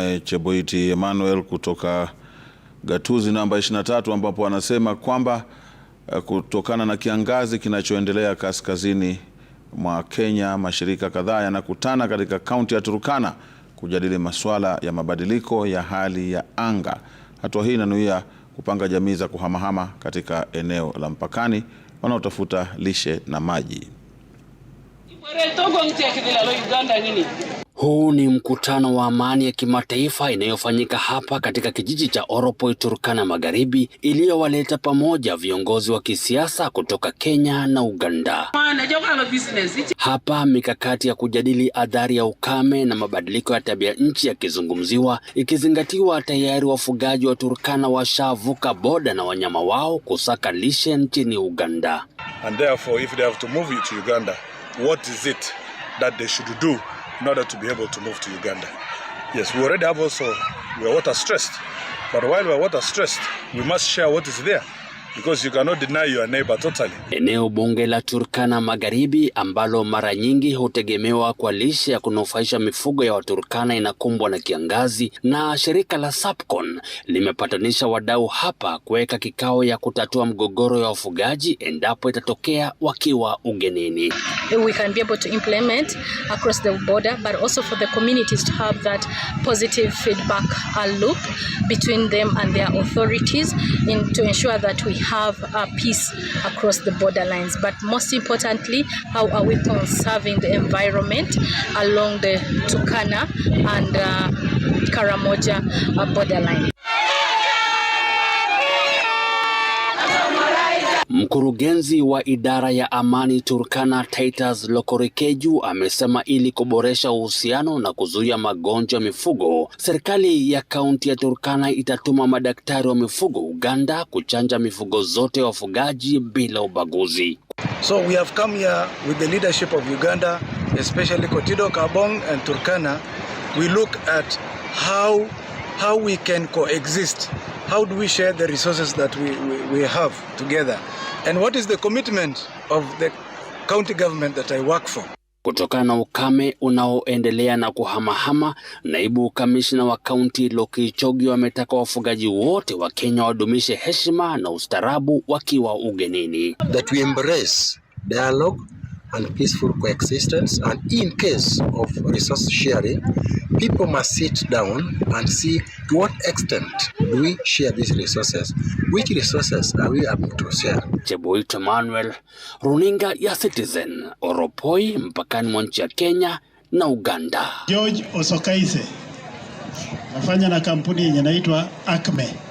naye Cheboiti Emmanuel kutoka gatuzi namba 23 ambapo anasema kwamba eh, kutokana na kiangazi kinachoendelea kaskazini mwa Kenya, mashirika kadhaa yanakutana katika kaunti ya Turukana kujadili masuala ya mabadiliko ya hali ya anga. Hatua hii inanuia kupanga jamii za kuhamahama katika eneo la mpakani wanaotafuta lishe na maji. Huu ni mkutano wa amani ya kimataifa inayofanyika hapa katika kijiji cha Oropoi, Turkana Magharibi, iliyowaleta pamoja viongozi wa kisiasa kutoka Kenya na Uganda. Hapa mikakati ya kujadili athari ya ukame na mabadiliko ya tabia nchi yakizungumziwa, ikizingatiwa tayari wafugaji wa Turkana washavuka boda na wanyama wao kusaka lishe nchini Uganda. And therefore, if they have to move it to Uganda, what is it that they should do? in order to be able to move to Uganda. Yes, we already have also, we are water stressed, but while we are water stressed, we must share what is there. Because you cannot deny your neighbor totally. Eneo bunge la Turkana Magharibi ambalo mara nyingi hutegemewa kwa lishe ya kunufaisha mifugo ya Waturkana inakumbwa na kiangazi, na shirika la Sapcon limepatanisha wadau hapa kuweka kikao ya kutatua mgogoro ya wafugaji endapo itatokea wakiwa ugenini. We can be able to implement across the border but also for the communities to have that positive feedback loop between them and their authorities in to ensure that we have uh, peace across the borderlines. But most importantly, how are we conserving the environment along the tukana and uh, Karamoja uh, borderline? Mkurugenzi wa idara ya amani Turkana Titus Lokorekeju amesema ili kuboresha uhusiano na kuzuia magonjwa ya mifugo, serikali ya kaunti ya Turkana itatuma madaktari wa mifugo Uganda kuchanja mifugo zote wafugaji bila ubaguzi. So we have come here with the leadership of Uganda, especially Kotido Kabong and Turkana. We look at how how we can coexist, how do we share the resources that we, we, we have together, and what is the commitment of the county government that I work for. Kutokana na ukame unaoendelea na kuhamahama, naibu kamishna wa kaunti Lokichogio ametaka wafugaji wote wa Kenya wadumishe heshima na ustarabu wakiwa ugenini. That we embrace dialogue and peaceful coexistence and in case of resource sharing people must sit down and see to what extent do we share these resources which resources are we able to share Chebuito Manuel runinga ya Citizen Oropoi mpakani mwa nchi ya Kenya na Uganda George Osokaise nafanya na kampuni yenye inaitwa Acme